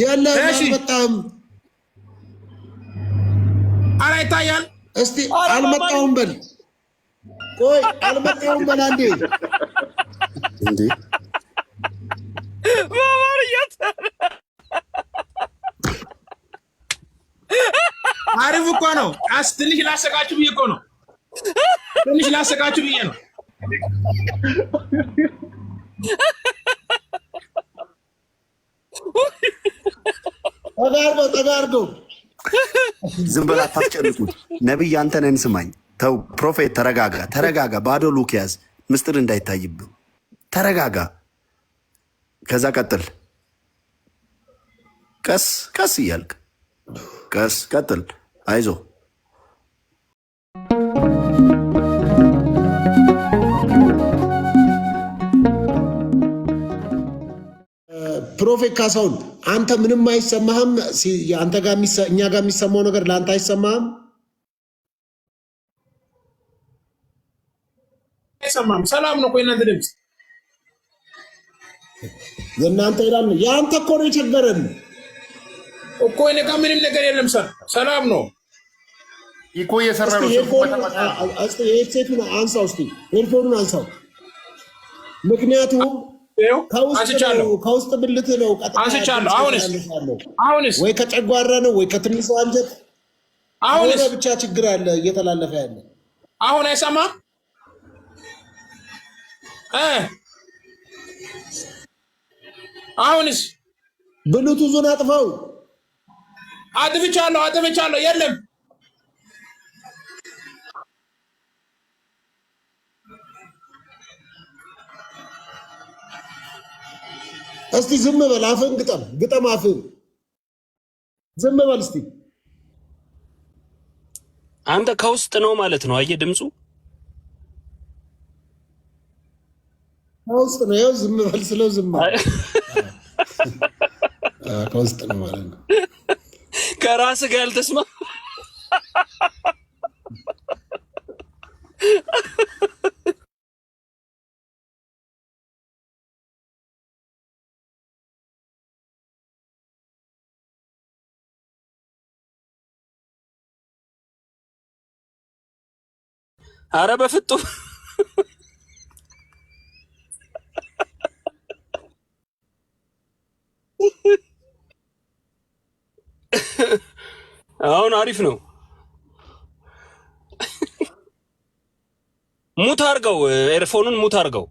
የለም ኧረ ይታያል። እስቲ አልመጣሁም በል ቆይ፣ አልመጣሁም በል አንዴ። እንዴ አሪፍ እኮ ነው። አስ ትንሽ ላሰቃችሁ ብዬ እኮ ነው። ትንሽ ላሰቃችሁ ብዬ ነው። ተጋርገው ተጋርገው ዝም በላ አታስጨንቁት። ነቢይ አንተ ነን ስማኝ። ተው ፕሮፌት ተረጋጋ፣ ተረጋጋ። ባዶ ሉክ ያዝ፣ ምስጢር እንዳይታይብህ ተረጋጋ። ከዛ ቀጥል፣ ቀስ ቀስ እያልክ ቀስ ቀጥል፣ አይዞ ፕሮፌት ካሳሁን አንተ ምንም አይሰማህም? አንተ ጋር እኛ ጋር የሚሰማው ነገር ለአንተ አይሰማህም? አይሰማም። ሰላም ነው እኮ የእናንተ ድምፅ የእናንተ ይላል። የአንተ እኮ ነው የቸገረን እኮ እኔ ጋር ምንም ነገር የለም። ሰላም ነው እኮ እየሰራ ነው። ኤድሴቱን አንሳው፣ እስኪ ኤድፎኑን አንሳው። ምክንያቱም ከውስጥ ብልት ነው። አንስቻለሁ። አሁንስ አሁንስ ወይ ከጨጓራ ነው ወይ ከትንሿ አንጀት። አሁንስ ብቻ ችግር አለ እየተላለፈ ያለ አሁን አይሰማም። አሁንስ ብልቱ ዙን አጥፋው። አጥፍቻለሁ፣ አጥፍቻለሁ። የለም እስቲ ዝም በል አፍህን ግጠም ግጠም አፍህን ዝም በል እስቲ አንተ ከውስጥ ነው ማለት ነው አየህ ድምፁ ከውስጥ ነው ያው ዝም በል ስለው ዝም በል ከውስጥ ነው ማለት ነው ከራስህ ጋር አልተስማ አረ በፍጡም አሁን አሪፍ ነው። ሙት አርገው ኤርፎኑን ሙት አድርገው።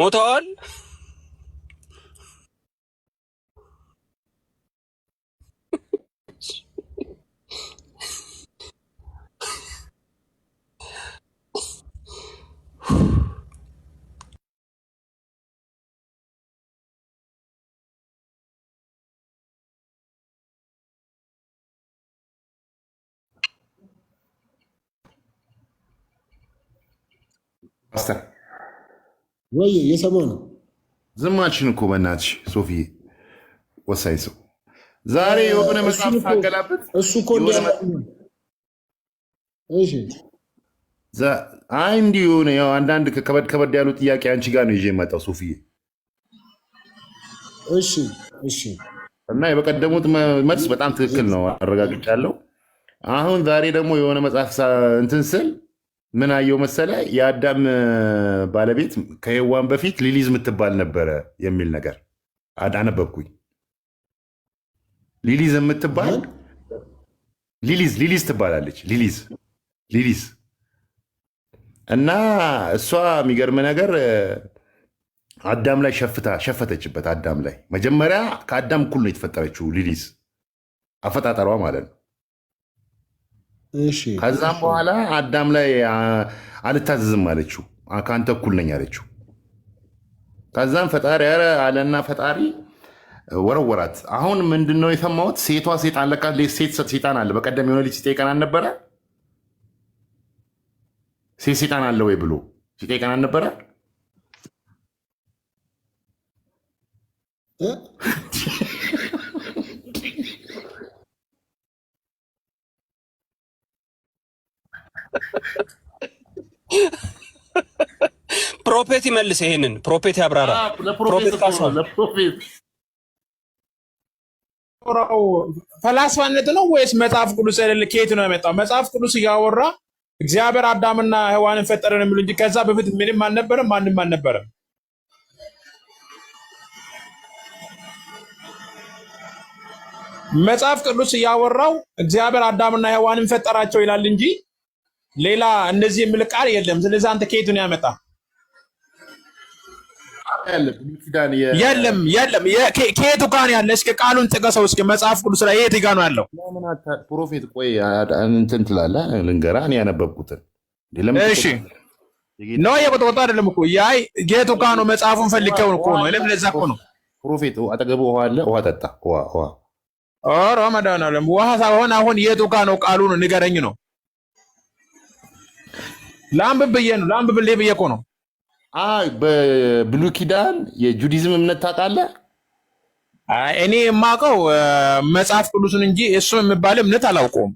ሞተዋል። ፓስተር ወይ የሰማው ነው። ዝማችን እኮ በእናትሽ ሶፊ ወሳኝ ሰው ዛሬ የሆነ መጽሐፍ ታገላበት እሱ እኮ አንድ የሆነ አንዳንድ ከበድ ከበድ ያሉ ጥያቄ አንቺ ጋር ነው ይዤ የመጣው ሱፍዬ። እሺ እሺ። እና የበቀደሙት መልስ በጣም ትክክል ነው አረጋግጫለሁ። አሁን ዛሬ ደግሞ የሆነ መጽሐፍ እንትን ስል ምን አየው መሰለ የአዳም ባለቤት ከሔዋን በፊት ሊሊዝ የምትባል ነበረ የሚል ነገር አነበብኩኝ። ሊሊዝ የምትባል ሊሊዝ ሊሊዝ ትባላለች ሊሊዝ ሊሊዝ እና እሷ የሚገርም ነገር አዳም ላይ ሸፍታ ሸፈተችበት። አዳም ላይ መጀመሪያ ከአዳም እኩል ነው የተፈጠረችው ሊሊዝ አፈጣጠሯ ማለት ነው። ከዛም በኋላ አዳም ላይ አልታዘዝም አለችው፣ ከአንተ እኩል ነኝ አለችው። ከዛም ፈጣሪ ኧረ አለና ፈጣሪ ወረወራት። አሁን ምንድነው የሰማሁት? ሴቷ ሴጣን ለቃ ሴት ሴጣን አለ። በቀደም የሆነ ልጅ ሲጠይቀን አልነበረ ሴጣን አለ ወይ ብሎ ሲጠይቀን አልነበረ? ፕሮፌት ይመልስ። ይሄንን ፕሮፌት ያብራራ። ፈላስፋነት ነው ወይስ መጽሐፍ ቅዱስ አይደለ? ነው የመጣው? መጽሐፍ ቅዱስ እያወራ እግዚአብሔር አዳምና ሔዋንን ፈጠረ ነው የሚሉ እንጂ ከዛ በፊት ምንም አልነበረም፣ ማንም አልነበረም። መጽሐፍ ቅዱስ እያወራው እግዚአብሔር አዳምና ሔዋንን ፈጠራቸው ይላል እንጂ ሌላ እንደዚህ የሚል ቃል የለም። ስለዚህ አንተ ከየቱን ያመጣ የለም የለም። ከየቱ ጋር ያለ? እስኪ ቃሉን ጥቀሰው። እስኪ መጽሐፍ ቅዱስ ላይ የት ጋር ነው ያለው? ፕሮፌት፣ ቆይ እንትን ትላለህ። ልንገራ እኔ ያነበብኩትን። እሺ ነው የቆጠቆጣ አይደለም እኮ ያይ ጌቱ ጋር ነው? መጽሐፉን ፈልጌው እኮ ነው። ለምን ለዛ እኮ ነው ፕሮፌት። አጠገቡ ውሃ አለ፣ ውሃ ጠጣ። ውሃ ውሃ ኧረ መድኃኒዓለም ውሃ ሳይሆን አሁን የቱ ጋር ነው ቃሉን ንገረኝ ነው። ላምብ ብዬ ነው ላምብ ብዬ እኮ ነው በብሉይ ኪዳን የጁዲዝም እምነት ታውቃለህ? እኔ የማውቀው መጽሐፍ ቅዱስን እንጂ እሱ የሚባለ እምነት አላውቀውም።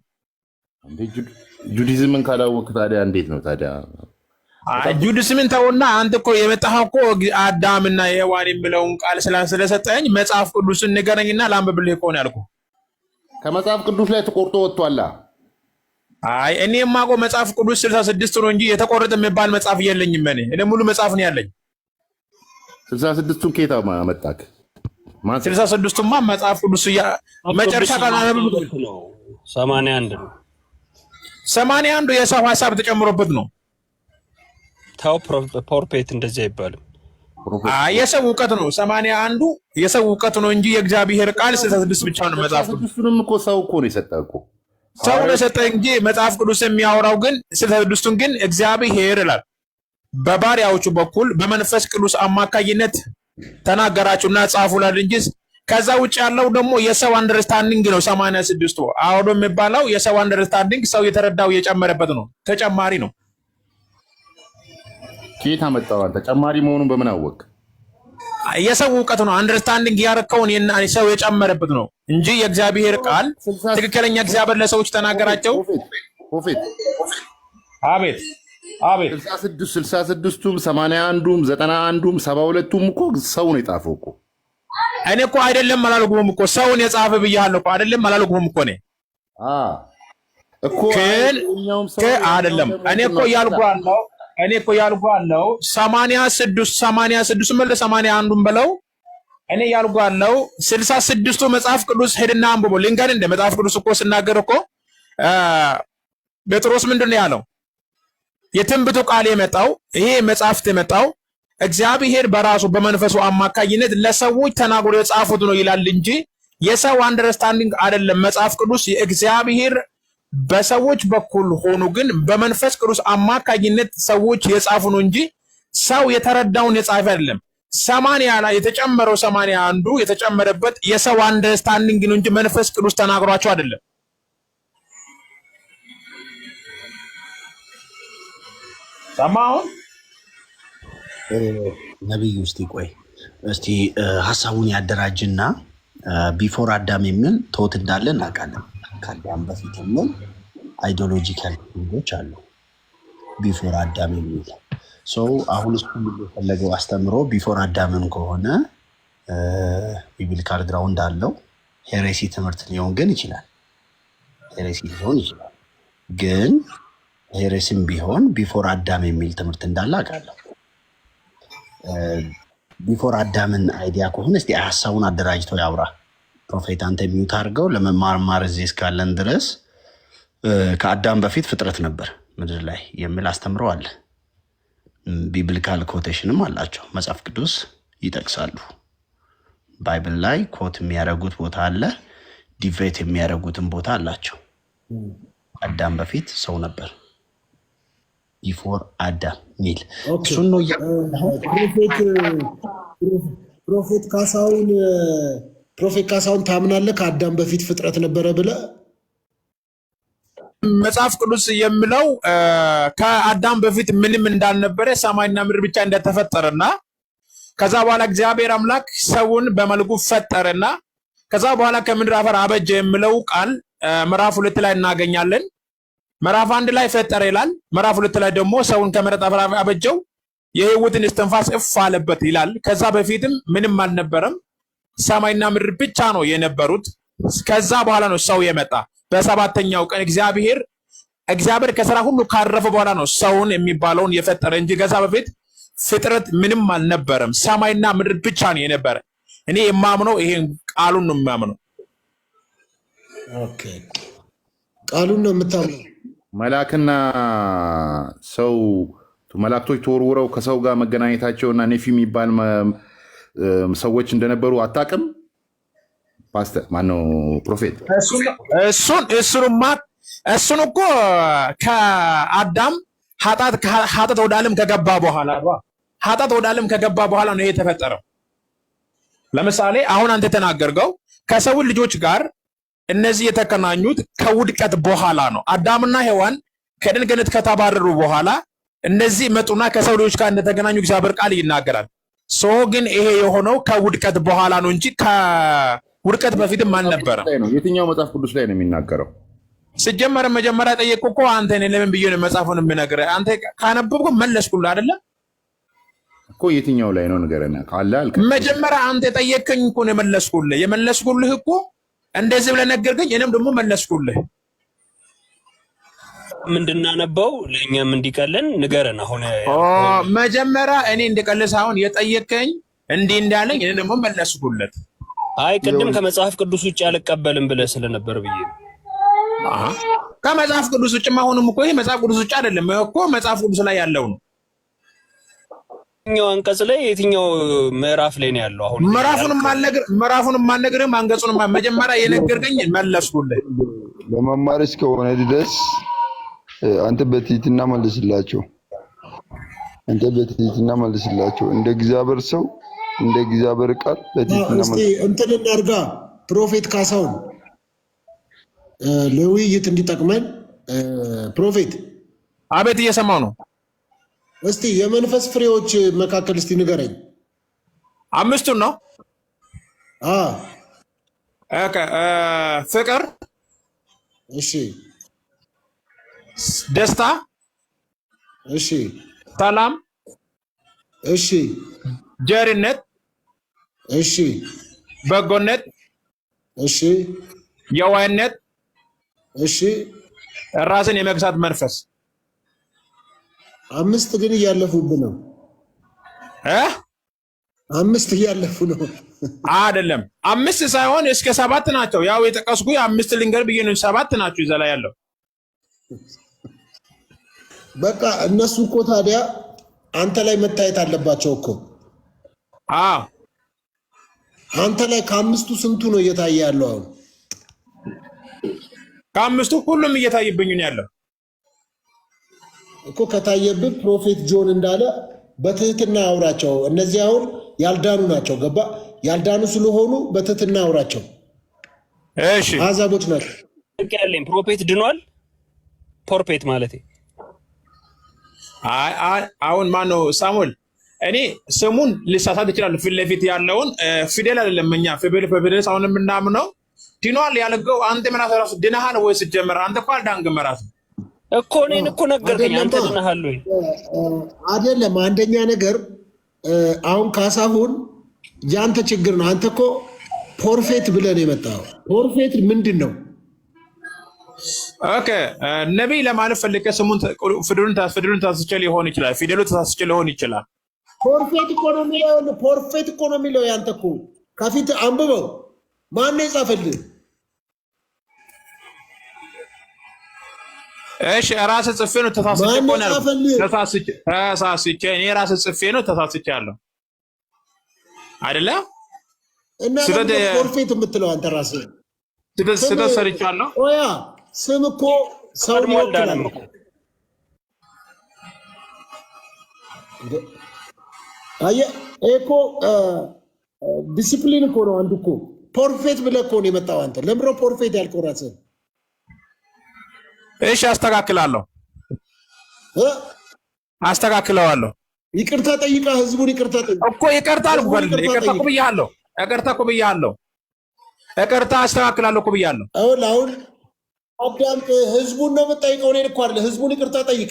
ጁዲዝምን ካላወቅ ታዲያ እንዴት ነው ታዲያ? ጁዲዝምን ተውና፣ አንተ እኮ የመጣኸው እኮ አዳምና የዋን የምለውን ቃል ስለሰጠኝ መጽሐፍ ቅዱስን ንገረኝና ላንብብልህ ከሆነ ያልኩህ። ከመጽሐፍ ቅዱስ ላይ ተቆርጦ ወጥቷላ አይ እኔ የማውቀው መጽሐፍ ቅዱስ ስልሳ ስድስት ነው እንጂ የተቆረጠ የሚባል መጽሐፍ የለኝም። እኔ እኔ ሙሉ መጽሐፍ ነው ያለኝ። ስልሳ ስድስቱን ከየት መጣክ? ስልሳ ስድስቱማ መጽሐፍ ቅዱስ መጨረሻ ሰማንያ አንድ ነው። ሰማንያ አንዱ የሰው ሀሳብ ተጨምሮበት ነው። ታው ፖርፔት እንደዚህ አይባልም። የሰው እውቀት ነው። ሰማንያ አንዱ የሰው እውቀት ነው እንጂ የእግዚአብሔር ቃል ስልሳ ስድስት ብቻ ነው። መጽሐፍ ቅዱስንም እኮ ሰው እኮ ነው የሰጠህ እኮ ሰው ለሰጠ እንጂ መጽሐፍ ቅዱስ የሚያወራው ግን ስለ ቅዱስቱን ግን እግዚአብሔር ይላል በባሪያዎቹ በኩል በመንፈስ ቅዱስ አማካኝነት ተናገራችሁና ጻፉላል እንጂ ከዛ ውጭ ያለው ደግሞ የሰው አንደርስታንዲንግ ነው። ሰማንያ ስድስቱ አውዶ የሚባለው የሰው አንደርስታንዲንግ ሰው የተረዳው የጨመረበት ነው፣ ተጨማሪ ነው። ከየት አመጣው? ተጨማሪ መሆኑን በምን አወቅ? የሰው እውቀት ነው። አንደርስታንዲንግ ያረከውን ሰው የጨመረበት ነው እንጂ የእግዚአብሔር ቃል ትክክለኛ እግዚአብሔር ለሰዎች ተናገራቸው። ፊት አቤት አቤት ስልሳ ስድስቱም ሰማንያ አንዱም ዘጠና አንዱም ሰባ ሁለቱም እኮ ሰው ነው የጻፈው እኮ እኔ እኮ አይደለም አላልኩም እኮ ሰውን የጻፈ ብያለሁ እኮ አይደለም አላልኩም እኮ እኔ እኮ አይደለም እኔ እኮ እያልኩ ያለው እኔ እኮ ያልጓል ነው ሰማንያ ስድስት ሰማንያ ስድስቱን በለው ሰማንያ አንዱን በለው እኔ ያልጓል ነው ስልሳ ስድስቱ መጽሐፍ ቅዱስ ሄድና አንብቦ ልንገር እንደ መጽሐፍ ቅዱስ እኮ ስናገር እኮ ጴጥሮስ ምንድን ነው ያለው? የትንቢቱ ቃል የመጣው ይሄ መጽሐፍት የመጣው እግዚአብሔር በራሱ በመንፈሱ አማካኝነት ለሰዎች ተናግሮ የጻፉት ነው ይላል እንጂ የሰው አንደርስታንዲንግ አይደለም። መጽሐፍ ቅዱስ የእግዚአብሔር በሰዎች በኩል ሆኖ ግን በመንፈስ ቅዱስ አማካኝነት ሰዎች የጻፉ ነው እንጂ ሰው የተረዳውን የጻፈ አይደለም። ሰማንያ ላይ የተጨመረው ሰማንያ አንዱ የተጨመረበት የሰው አንደርስታንዲንግ ነው እንጂ መንፈስ ቅዱስ ተናግሯቸው አይደለም። ሰማሁን ነቢይ ውስጥ ቆይ እስቲ ሀሳቡን ያደራጅና ቢፎር አዳም የሚል ተውት እንዳለ እናውቃለን። ከአዳም በፊት የሚል አይዲዮሎጂካል ፊልዶች አሉ። ቢፎር አዳም የሚል ሰው አሁን እሱ የፈለገው አስተምሮ ቢፎር አዳምን ከሆነ ቢብሊካል ግራውንድ አለው። ሄሬሲ ትምህርት ሊሆን ግን ይችላል። ሄሬሲ ሊሆን ይችላል ግን ሄሬሲም ቢሆን ቢፎር አዳም የሚል ትምህርት እንዳለ አውቃለሁ። ቢፎር አዳምን አይዲያ ከሆነ እስኪ ሀሳቡን አደራጅተው ያውራ። ፕሮፌት አንተ ሚዩት አድርገው ለመማርማር እዚህ እስካለን ድረስ ከአዳም በፊት ፍጥረት ነበር ምድር ላይ የሚል አስተምሮ አለ። ቢብሊካል ኮቴሽንም አላቸው። መጽሐፍ ቅዱስ ይጠቅሳሉ። ባይብል ላይ ኮት የሚያደርጉት ቦታ አለ። ዲቬት የሚያደርጉትን ቦታ አላቸው። አዳም በፊት ሰው ነበር ቢፎር አዳም ሚል እሱን ነው ፕሮፌት ካሳሁን ፕሮፌት ካሳሁን ታምናለህ? ከአዳም በፊት ፍጥረት ነበረ ብለህ መጽሐፍ ቅዱስ የሚለው ከአዳም በፊት ምንም እንዳልነበረ ሰማይና ምድር ብቻ እንደተፈጠረና ከዛ በኋላ እግዚአብሔር አምላክ ሰውን በመልኩ ፈጠረና ከዛ በኋላ ከምድር አፈር አበጀ የሚለው ቃል ምዕራፍ ሁለት ላይ እናገኛለን። ምዕራፍ አንድ ላይ ፈጠረ ይላል። ምዕራፍ ሁለት ላይ ደግሞ ሰውን ከመሬት አፈር አበጀው የህይወትን እስትንፋስ እፍ አለበት ይላል። ከዛ በፊትም ምንም አልነበረም። ሰማይና ምድር ብቻ ነው የነበሩት። ከዛ በኋላ ነው ሰው የመጣ። በሰባተኛው ቀን እግዚአብሔር እግዚአብሔር ከስራ ሁሉ ካረፈ በኋላ ነው ሰውን የሚባለውን የፈጠረ እንጂ ከዛ በፊት ፍጥረት ምንም አልነበረም። ሰማይና ምድር ብቻ ነው የነበረ። እኔ የማምነው ይሄን ቃሉን ነው የሚያምነው። ኦኬ ቃሉን ነው የምታምነው። መላክና ሰው መላእክቶች ተወርውረው ከሰው ጋር መገናኘታቸውና ኔፊ የሚባል ሰዎች እንደነበሩ አታውቅም? ፓስተር ማነው? ፕሮፌት እሱንማ እሱን እኮ ከአዳም ኃጢአት ወደ ዓለም ከገባ በኋላ ኃጢአት ወደ ዓለም ከገባ በኋላ ነው ይሄ የተፈጠረው። ለምሳሌ አሁን አንተ የተናገርገው ከሰው ልጆች ጋር እነዚህ የተገናኙት ከውድቀት በኋላ ነው። አዳምና ሔዋን ከደን ገነት ከተባረሩ በኋላ እነዚህ መጡና ከሰው ልጆች ጋር እንደተገናኙ እግዚአብሔር ቃል ይናገራል። ሶ ግን ይሄ የሆነው ከውድቀት በኋላ ነው እንጂ ከውድቀት በፊትም አልነበረም። የትኛው መጽሐፍ ቅዱስ ላይ ነው የሚናገረው? ስጀመር መጀመሪያ ጠየቅ እኮ አንተ እኔ ለምን ብዬ ነው መጽሐፉን የምነግርህ? አንተ ካነበብኩ መለስኩልህ አይደለም እኮ የትኛው ላይ ነው ንገረን ካለ መጀመሪያ አንተ የጠየቅኝ እኮ ነው የመለስኩልህ። የመለስኩልህ እኮ እንደዚህ ብለህ ነገርከኝ፣ እኔም ደግሞ መለስኩልህ። ምንድናነበው ለእኛም እንዲቀለን ንገረን። አሁን መጀመሪያ እኔ እንድቀልስ አሁን የጠየቀኝ እንዲህ እንዳለኝ እኔ ደግሞ መለስኩለት። አይ ቅድም ከመጽሐፍ ቅዱስ ውጭ አልቀበልም ብለህ ስለነበር ብዬ ከመጽሐፍ ቅዱስ ውጭ አሁንም እኮ ይሄ መጽሐፍ ቅዱስ ውጭ አይደለም እኮ መጽሐፍ ቅዱስ ላይ ያለው ነው። የትኛው አንቀጽ ላይ የትኛው ምዕራፍ ላይ ነው ያለው? አሁን ምዕራፉንም ማልነግር ምዕራፉንም ማልነግር አንቀጹን መጀመሪያ የነገርከኝ መለስኩልህ። ለመማር እስከሆነ ድረስ አንተ በትህትና መልስላቸው። አንተ በትህትና መልስላቸው። እንደ እግዚአብሔር ሰው እንደ እግዚአብሔር ቃል በትህትና መልስ። እንትን እናርጋ። ፕሮፌት ካሳሁን ለውይይት እንዲጠቅመን ፕሮፌት። አቤት፣ እየሰማው ነው። እስቲ የመንፈስ ፍሬዎች መካከል እስቲ ንገረኝ። አምስቱን ነው። ፍቅር፣ እሺ ደስታ፣ እሺ፣ ሰላም፣ እሺ፣ ጀርነት፣ እሺ፣ በጎነት፣ እሺ፣ የዋይነት እሺ፣ ራስን የመግዛት መንፈስ። አምስት ግን እያለፉብን ነው አምስት እያለፉ ነው አይደለም። አምስት ሳይሆን እስከ ሰባት ናቸው። ያው የጠቀስኩ አምስት ልንገር ብዬ ነው። ሰባት ናቸው። ይዘላ ያለው በቃ እነሱ እኮ ታዲያ አንተ ላይ መታየት አለባቸው እኮ። አንተ ላይ ከአምስቱ ስንቱ ነው እየታየ ያለው? አሁን ከአምስቱ ሁሉም እየታየብኝ ነው ያለው እኮ። ከታየብህ ፕሮፌት ጆን እንዳለ በትህትና አውራቸው። እነዚህ አሁን ያልዳኑ ናቸው። ገባ? ያልዳኑ ስለሆኑ በትህትና አውራቸው። እሺ፣ ናቸው። ያለኝ ፕሮፌት ድኗል። ፖርፔት ማለት አሁን ማን ነው ሳሙኤል? እኔ ስሙን ልሳሳት ይችላል። ፊት ለፊት ያለውን ፊደል አይደለም እኛ ፊደል በፊደል ሳሁን የምናምነው ድኗል ያለገው አንተ ምን አሰራስ ድናሃል ወይ ስጀመር አንተ እኮ አልዳንክም እራስህ እኮ እኔን እኮ ነገርከኝ። አንተ ድናሃል ወይ አይደለም። አንደኛ ነገር አሁን ካሳሁን ያንተ ችግር ነው። አንተ እኮ ፖርፌት ብለን የመጣው ፖርፌት ምንድን ነው? ኦኬ ነቢይ ለማለት ፈልገ ስሙን ፊደሉን ታስቸል ሊሆን ይችላል። ፊደሉ ታስቸል ሊሆን ይችላል። ፖርፌት እኮ ነው የሚለው ፖርፌት እኮ ነው የሚለው ያንተ እኮ ከፊት አንብበው። ማን ነው የጻፈልህ? እሺ ራስ ጽፌ ነው ተሳስቼ እኮ ነው ተሳስቼ ተሳስቼ እኔ ራስ ጽፌ ነው ተሳስቻለሁ አይደለ? እና ስለዚህ ፖርፌት የምትለው አንተ ራስህ ስለዚህ ስለሰርቻለሁ ኦያ ስም እኮ ሰው ይወክላል። አየህ እኮ ዲሲፕሊን እኮ ነው። አንዱ እኮ ፖርፌት ብለህ እኮ ነው የመጣው አንተ። ለምሮ ፖርፌት ያልከው ራስህን። እሺ አስተካክላለሁ፣ አስተካክለዋለሁ። ይቅርታ ጠይቃ ህዝቡን ይቅርታ ጠይቃ እኮ ይቅርታ አልኩህ። ይቅርታ እኮ ብያለሁ። ይቅርታ እኮ ብያለሁ። ይቅርታ አስተካክላለሁ እኮ ብያለሁ። አሁን አሁን አዳም ህዝቡን ነው የምጠይቀው፣ እኔን እኮ አይደለ። ህዝቡን ይቅርታ ጠይቅ።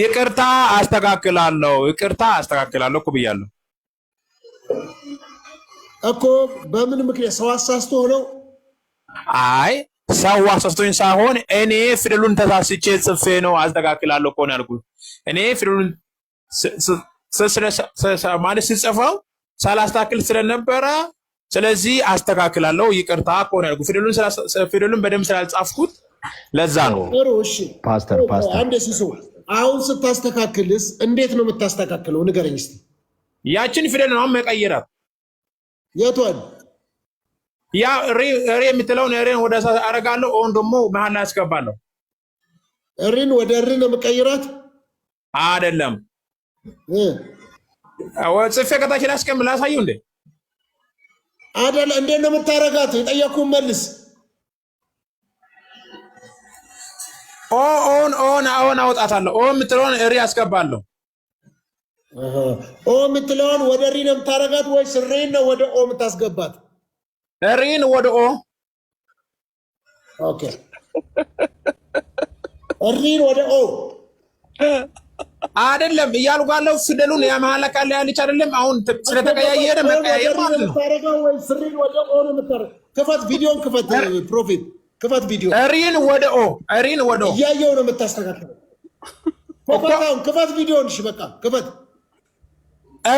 ይቅርታ አስተካክላለሁ፣ ይቅርታ አስተካክላለሁ እኮ ብያለሁ እኮ። በምን ምክንያት ሰው አሳስቶ ነው? አይ ሰው አሳስቶኝ ሳይሆን እኔ ፊደሉን ተሳስቼ ጽፌ ነው አስተካክላለሁ እኮ ነው ያልኩት። እኔ ፊደሉን ማለት ስጽፈው ሳላስተካክል ስለነበረ ስለዚህ አስተካክላለሁ። ይቅርታ ከሆነ ፊደሉን በደምብ ስላልጻፍኩት ለዛ ነው። ፓስተር ፓስተር አንዴ ሲሶ አሁን ስታስተካክልስ እንዴት ነው የምታስተካክለው? ንገረኝ እስኪ። ያችን ፊደል ነው መቀየራት። የቷል? ያ ሬ የምትለውን ሬን ወደ ሳ አረጋለሁ። ኦን ደግሞ መሀል ላይ አስገባለሁ። ሪን ወደ ሪን የምቀይራት አይደለም። ጽፌ ከታችን ላይ አስቀምጥ ላሳየው እንዴ አደለ? እንዴት ነው የምታረጋት? የጠየኩህን መልስ። ኦ ኦን ኦን አሁን አወጣታለሁ። ኦ የምትለውን ሪ አስገባለሁ። ኦ የምትለውን ወደ ሪ ነው የምታረጋት ወይስ ሪን ነው ወደ ኦ የምታስገባት? ሪን ወደ ኦ። ኦኬ ሪን ወደ ኦ አይደለም እያልኩ ያለው ፊደሉን ያ መሀል አካል አይደለም አሁን ስለተቀያየረ መቀያየር ማለት ነው። ክፈት ቪዲዮን፣ ክፈት ፕሮፊት፣ ክፈት ቪዲዮ ሪን ወደ ኦ ሪን ወደ ኦ እያየው ነው የምታስተካክለው። ክፈት ቪዲዮን፣ እሺ በቃ ክፈት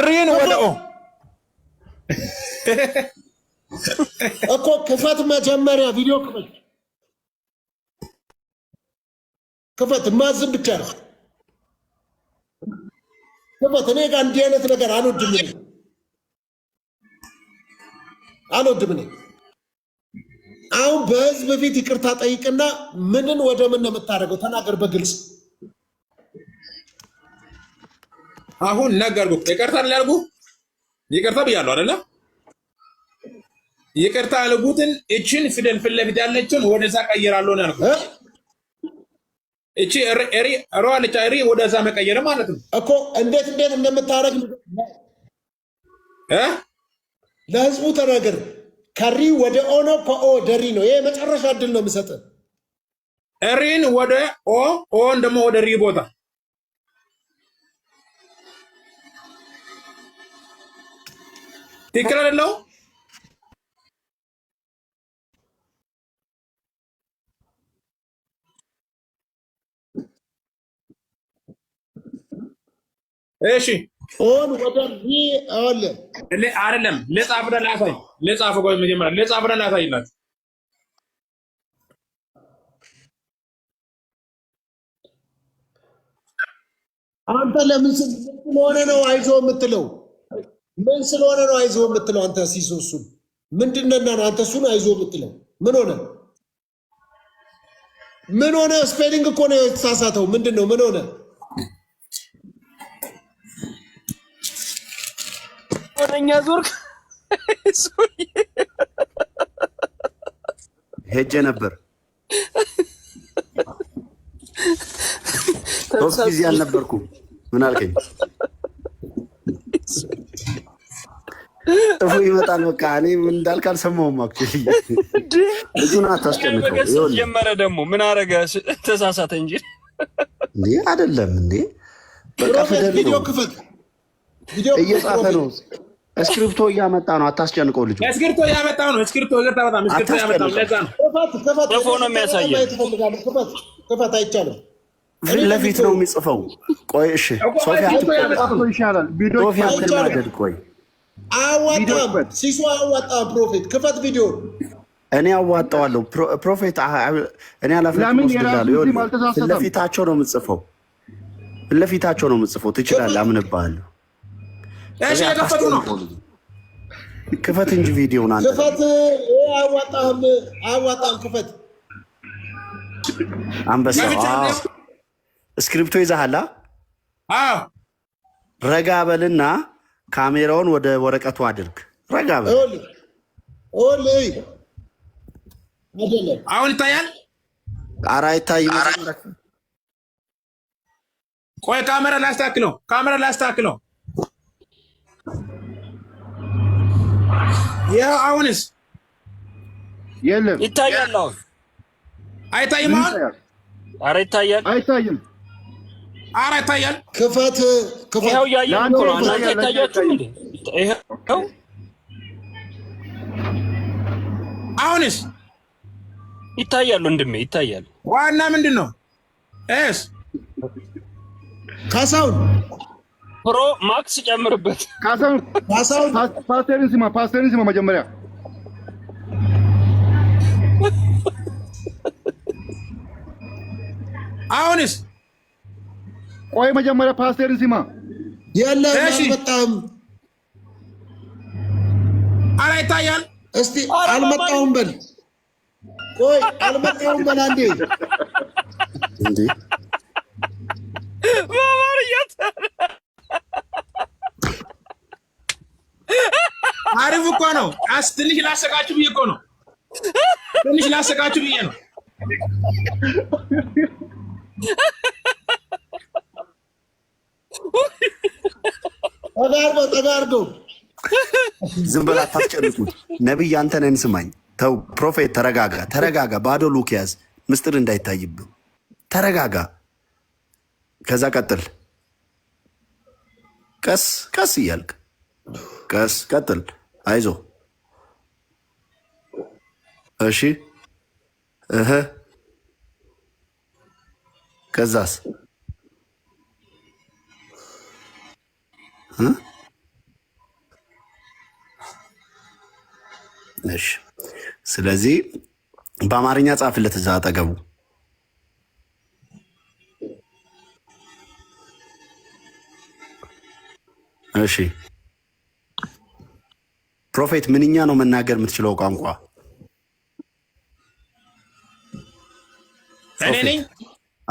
ሪን ወደ ኦ እኮ ክፈት መጀመሪያ ቪዲዮ ክፈት፣ ክፈት ማዝም ብቻ ነው ገባት እኔ ጋር እንዲህ አይነት ነገር አልወድም እኔ አልወድም እኔ አሁን በህዝብ ፊት ይቅርታ ጠይቅና ምንን ወደ ምን ነው የምታደርገው? ተናገር በግልጽ አሁን ነገርኩ። ይቅርታ ላልኩ ይቅርታ ብያለሁ አይደለ? ይቅርታ ያልኩትን እችን ፊደል ፊት ለፊት ያለችን ወደዛ ቀይራለሁ ነው ያልኩት። እቺ ሪ ሮአልቻ ሪ ወደዛ መቀየር ማለት ነው እኮ። እንዴት እንዴት እንደምታደርግ ለህዝቡ ተናገር። ከሪ ወደ ኦ ነው፣ ከኦ ወደ ሪ ነው። ይሄ መጨረሻ እድል ነው የምሰጥ። ሪን ወደ ኦ፣ ኦን ደግሞ ወደ ሪ ቦታ ትክክል አይደለው? እሺ ኦን ወደዚ አለ ለ አይደለም ለጻፍና ላሳይ ለጻፍ ቆይ መጀመሪያ ለጻፍና ላሳይላት አንተ ለምን ስለሆነ ነው አይዞህ የምትለው? ምን ስለሆነ ነው አይዞ የምትለው? አንተ ሲሶ እሱን ምንድን ነህ ነው አንተ እሱን አይዞህ የምትለው? ምን ሆነ? ምን ሆነ? ስፔሊንግ እኮ ነው የተሳሳተው። ምንድን ነው? ምን ሆነ? ወደኛ ዞር ሄጄ ነበር። ሶስት ጊዜ አልነበርኩም። ምን አልከኝ? ጥፉ ይመጣል። በቃ እኔ ምን እንዳልክ አልሰማሁም። አክቹዋሊ ልጁን አታስጨንቀው። ጀመረ ደግሞ ምን አረገ? ተሳሳተ እንጂ አይደለም እንዴ በቃ ፊደል ነው እየጻፈ ነው። እስክሪፕቶ እያመጣ ነው። አታስጨንቀው ልጁ። እስክሪፕቶ እያመጣ ነው። እስክሪፕቶ ይቅርታ፣ እያመጣ ነው። ነው ነው የሚያሳየው። ፊት ለፊት ነው የሚጽፈው። ቆይ እሺ፣ ይሻላል። ቆይ አዋጣም፣ ሲሱ ፕሮፌት ክፈት ቪዲዮ እኔ አዋጣዋለሁ። ፕሮፌት እኔ ኃላፊነት ፊት ለፊታቸው ነው የምጽፈው። ፊት ለፊታቸው ነው የምጽፈው። ትችላለህ፣ አምንብሃለሁ ክፈት እንጂ ቪዲዮውን አንተ ክፈት። ክፈት። አንበሳ እስክሪፕቶ ይዛሃላ። ረጋ በልና ካሜራውን ወደ ወረቀቱ አድርግ። ረጋ በል። አሁን ይታያል። ኧረ አይታይም። ቆይ ካሜራ ላስተካክለው፣ ካሜራ ላስተካክለው ያው አሁንስ የለም ይታያል። አሁን አይታይም። አሁን ኧረ ይታያል። አይታይም። ኧረ ይታያል። ክፈት ክፈት። ይኸው እያየሁ እኮ ነው። እናንተ አይታያችሁም እንዴ? ይኸው አሁንስ ይታያል። ወንድሜ ይታያል። ዋና ምንድን ነው እስ ከሰውን ፕሮ ማክስ ጨምርበት። ፓስተርን ስማ፣ ፓስተርን ስማ። መጀመሪያ አሁንስ ቆይ፣ መጀመሪያ ፓስተርን ስማ። የለ በጣም ኧረ ይታያል። እስቲ አልመጣሁም በል ቆይ፣ አልመጣሁም በል አንዴ እንዴ ማማር እያተ አሪፍ እኮ ነው። ትንሽ ላሰቃችሁ ብዬ እኮ ነው። ትንሽ ላሰቃችሁ ብዬ ነው። ተዳርዶ ተዳርዶ ዝም በላ አታስጨንቁት። ነቢይ አንተነን ስማኝ። ተው ፕሮፌት ተረጋጋ፣ ተረጋጋ። ባዶ ሉክ ያዝ፣ ምስጢር እንዳይታይብህ ተረጋጋ። ከዛ ቀጥል፣ ቀስ ቀስ እያልክ ቀስ ቀጥል፣ አይዞ እሺ እህ ከዛስ እሺ። ስለዚህ በአማርኛ ጻፍለት እዛ አጠገቡ እሺ። ፕሮፌት ምንኛ ነው መናገር የምትችለው ቋንቋ?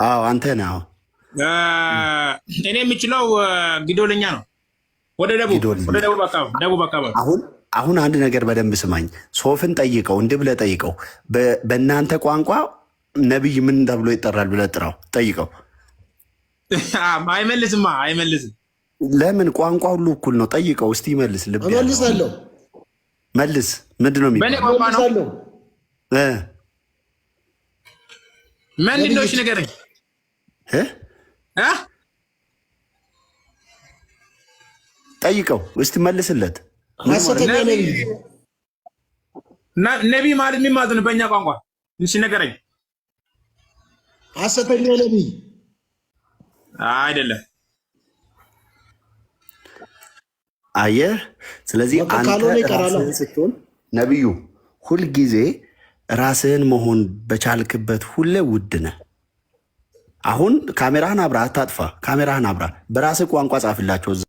አዎ አንተ ነህ። እኔ የምችለው ጊዶልኛ ነው። ወደ ደቡብ ወደ ደቡብ አካባቢ አሁን አሁን አንድ ነገር በደንብ ስማኝ። ሶፍን ጠይቀው፣ እንዲህ ብለህ ጠይቀው። በእናንተ ቋንቋ ነቢይ ምን ተብሎ ይጠራል ብለህ ጥራው፣ ጠይቀው። አይመልስማ አይመልስም። ለምን ቋንቋ ሁሉ እኩል ነው። ጠይቀው እስቲ ይመልስ። ልብ እመልሳለሁ መልስ። ምንድን ነው የሚባለው? ምንድን ነው? እሺ ንገረኝ። ጠይቀው እስቲ መልስለት። ነቢ ማለት ምን ማለት ነው በእኛ ቋንቋ? እሺ ንገረኝ። ሐሰተኛ ነቢይ አይደለም። አየህ። ስለዚህ አንተ ስትሆን ነቢዩ ሁልጊዜ ራስህን መሆን በቻልክበት ሁለ ውድ ነህ። አሁን ካሜራህን አብራ አታጥፋ። ካሜራህን አብራ፣ በራስህ ቋንቋ ጻፍላቸው።